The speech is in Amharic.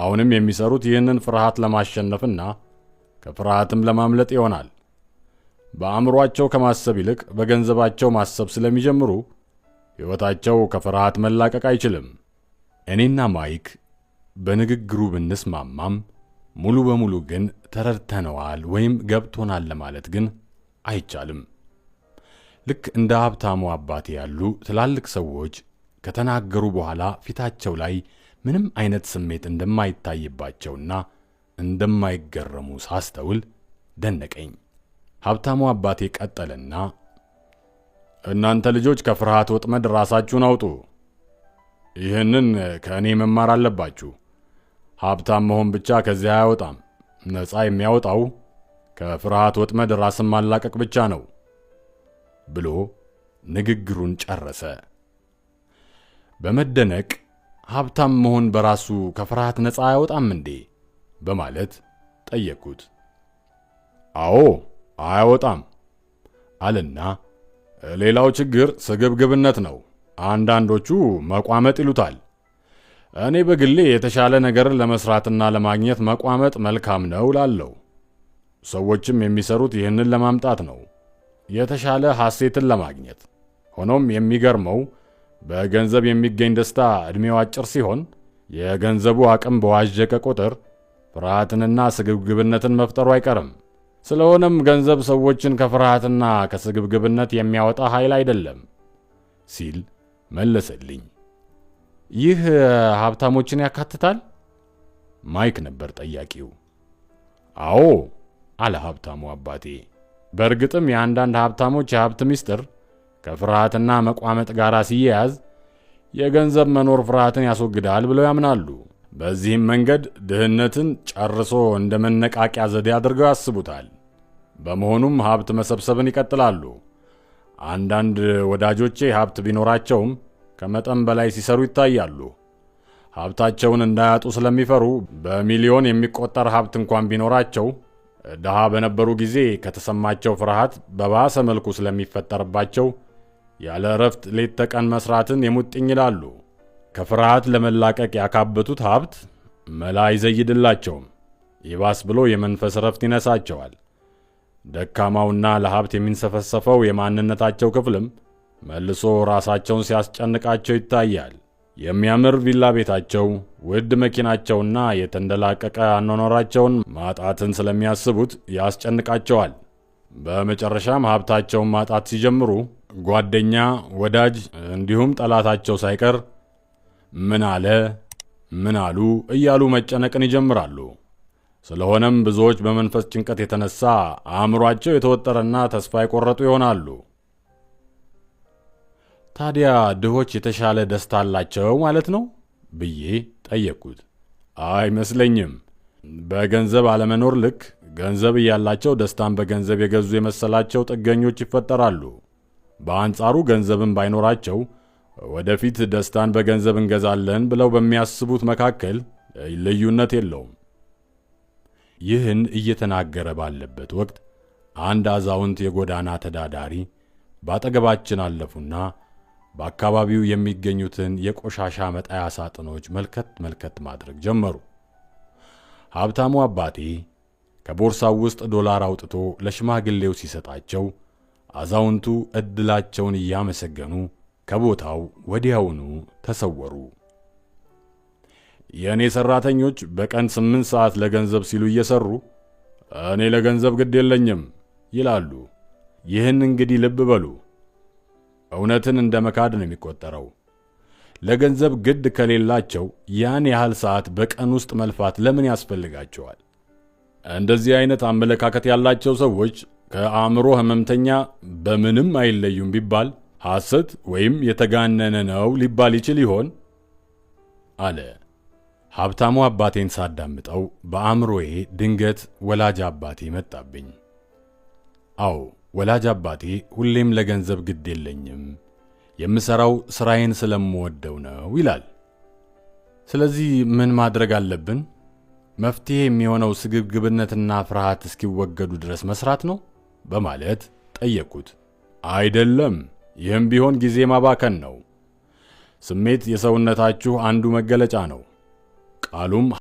አሁንም የሚሰሩት ይህንን ፍርሃት ለማሸነፍና ከፍርሃትም ለማምለጥ ይሆናል። በአእምሯቸው ከማሰብ ይልቅ በገንዘባቸው ማሰብ ስለሚጀምሩ ሕይወታቸው ከፍርሃት መላቀቅ አይችልም። እኔና ማይክ በንግግሩ ብንስማማም ሙሉ በሙሉ ግን ተረድተነዋል ወይም ገብቶናል ለማለት ግን አይቻልም። ልክ እንደ ሀብታሙ አባቴ ያሉ ትላልቅ ሰዎች ከተናገሩ በኋላ ፊታቸው ላይ ምንም አይነት ስሜት እንደማይታይባቸውና እንደማይገረሙ ሳስተውል ደነቀኝ። ሀብታሙ አባቴ ቀጠለና እናንተ ልጆች ከፍርሃት ወጥመድ ራሳችሁን አውጡ። ይህንን ከእኔ መማር አለባችሁ። ሀብታም መሆን ብቻ ከዚህ አያወጣም። ነፃ የሚያወጣው ከፍርሃት ወጥመድ ራስን ማላቀቅ ብቻ ነው ብሎ ንግግሩን ጨረሰ። በመደነቅ ሀብታም መሆን በራሱ ከፍርሃት ነፃ አያወጣም እንዴ? በማለት ጠየቅኩት። አዎ አያወጣም አለና፣ ሌላው ችግር ስግብግብነት ነው። አንዳንዶቹ መቋመጥ ይሉታል። እኔ በግሌ የተሻለ ነገርን ለመስራትና ለማግኘት መቋመጥ መልካም ነው ላለው። ሰዎችም የሚሰሩት ይህንን ለማምጣት ነው፣ የተሻለ ሐሴትን ለማግኘት። ሆኖም የሚገርመው በገንዘብ የሚገኝ ደስታ ዕድሜው አጭር ሲሆን የገንዘቡ አቅም በዋዠቀ ቁጥር ፍርሃትንና ስግብግብነትን መፍጠሩ አይቀርም። ስለሆነም ገንዘብ ሰዎችን ከፍርሃትና ከስግብግብነት የሚያወጣ ኃይል አይደለም ሲል መለሰልኝ። ይህ ሀብታሞችን ያካትታል? ማይክ ነበር ጠያቂው። አዎ አለ ሀብታሙ አባቴ። በእርግጥም የአንዳንድ ሀብታሞች የሀብት ምስጢር ከፍርሃትና መቋመጥ ጋር ሲያያዝ የገንዘብ መኖር ፍርሃትን ያስወግዳል ብለው ያምናሉ። በዚህም መንገድ ድህነትን ጨርሶ እንደ መነቃቂያ ዘዴ አድርገው ያስቡታል። በመሆኑም ሀብት መሰብሰብን ይቀጥላሉ። አንዳንድ ወዳጆቼ ሀብት ቢኖራቸውም ከመጠን በላይ ሲሰሩ ይታያሉ። ሀብታቸውን እንዳያጡ ስለሚፈሩ በሚሊዮን የሚቆጠር ሀብት እንኳን ቢኖራቸው ድሃ በነበሩ ጊዜ ከተሰማቸው ፍርሃት በባሰ መልኩ ስለሚፈጠርባቸው ያለ እረፍት ሌት ተቀን መስራትን የሙጥኝ ይላሉ። ከፍርሃት ለመላቀቅ ያካበቱት ሀብት መላ አይዘይድላቸውም። ይባስ ብሎ የመንፈስ እረፍት ይነሳቸዋል። ደካማውና ለሀብት የሚንሰፈሰፈው የማንነታቸው ክፍልም መልሶ ራሳቸውን ሲያስጨንቃቸው ይታያል። የሚያምር ቪላ ቤታቸው፣ ውድ መኪናቸውና የተንደላቀቀ አኗኗራቸውን ማጣትን ስለሚያስቡት ያስጨንቃቸዋል። በመጨረሻም ሀብታቸውን ማጣት ሲጀምሩ ጓደኛ፣ ወዳጅ እንዲሁም ጠላታቸው ሳይቀር ምን አለ ምን አሉ እያሉ መጨነቅን ይጀምራሉ። ስለሆነም ብዙዎች በመንፈስ ጭንቀት የተነሳ አእምሯቸው የተወጠረና ተስፋ የቆረጡ ይሆናሉ። ታዲያ ድሆች የተሻለ ደስታ አላቸው ማለት ነው ብዬ ጠየቅኩት። አይመስለኝም። በገንዘብ አለመኖር ልክ ገንዘብ እያላቸው ደስታን በገንዘብ የገዙ የመሰላቸው ጥገኞች ይፈጠራሉ። በአንጻሩ ገንዘብን ባይኖራቸው ወደፊት ደስታን በገንዘብ እንገዛለን ብለው በሚያስቡት መካከል ልዩነት የለውም። ይህን እየተናገረ ባለበት ወቅት አንድ አዛውንት የጎዳና ተዳዳሪ በአጠገባችን አለፉና በአካባቢው የሚገኙትን የቆሻሻ መጣያ ሳጥኖች መልከት መልከት ማድረግ ጀመሩ። ሀብታሙ አባቴ ከቦርሳው ውስጥ ዶላር አውጥቶ ለሽማግሌው ሲሰጣቸው አዛውንቱ ዕድላቸውን እያመሰገኑ ከቦታው ወዲያውኑ ተሰወሩ። የእኔ ሠራተኞች በቀን ስምንት ሰዓት ለገንዘብ ሲሉ እየሠሩ እኔ ለገንዘብ ግድ የለኝም ይላሉ። ይህን እንግዲህ ልብ በሉ። እውነትን እንደ መካድ ነው የሚቆጠረው። ለገንዘብ ግድ ከሌላቸው ያን ያህል ሰዓት በቀን ውስጥ መልፋት ለምን ያስፈልጋቸዋል? እንደዚህ አይነት አመለካከት ያላቸው ሰዎች ከአእምሮ ህመምተኛ በምንም አይለዩም ቢባል ሐሰት ወይም የተጋነነ ነው ሊባል ይችል ይሆን? አለ ሀብታሙ አባቴን ሳዳምጠው በአእምሮዬ ድንገት ወላጅ አባቴ መጣብኝ። አዎ ወላጅ አባቴ ሁሌም ለገንዘብ ግድ የለኝም፣ የምሠራው ሥራዬን ስለምወደው ነው ይላል። ስለዚህ ምን ማድረግ አለብን? መፍትሄ የሚሆነው ስግብግብነትና ፍርሃት እስኪወገዱ ድረስ መስራት ነው በማለት ጠየቁት። አይደለም፣ ይህም ቢሆን ጊዜ ማባከን ነው። ስሜት የሰውነታችሁ አንዱ መገለጫ ነው። ቃሉም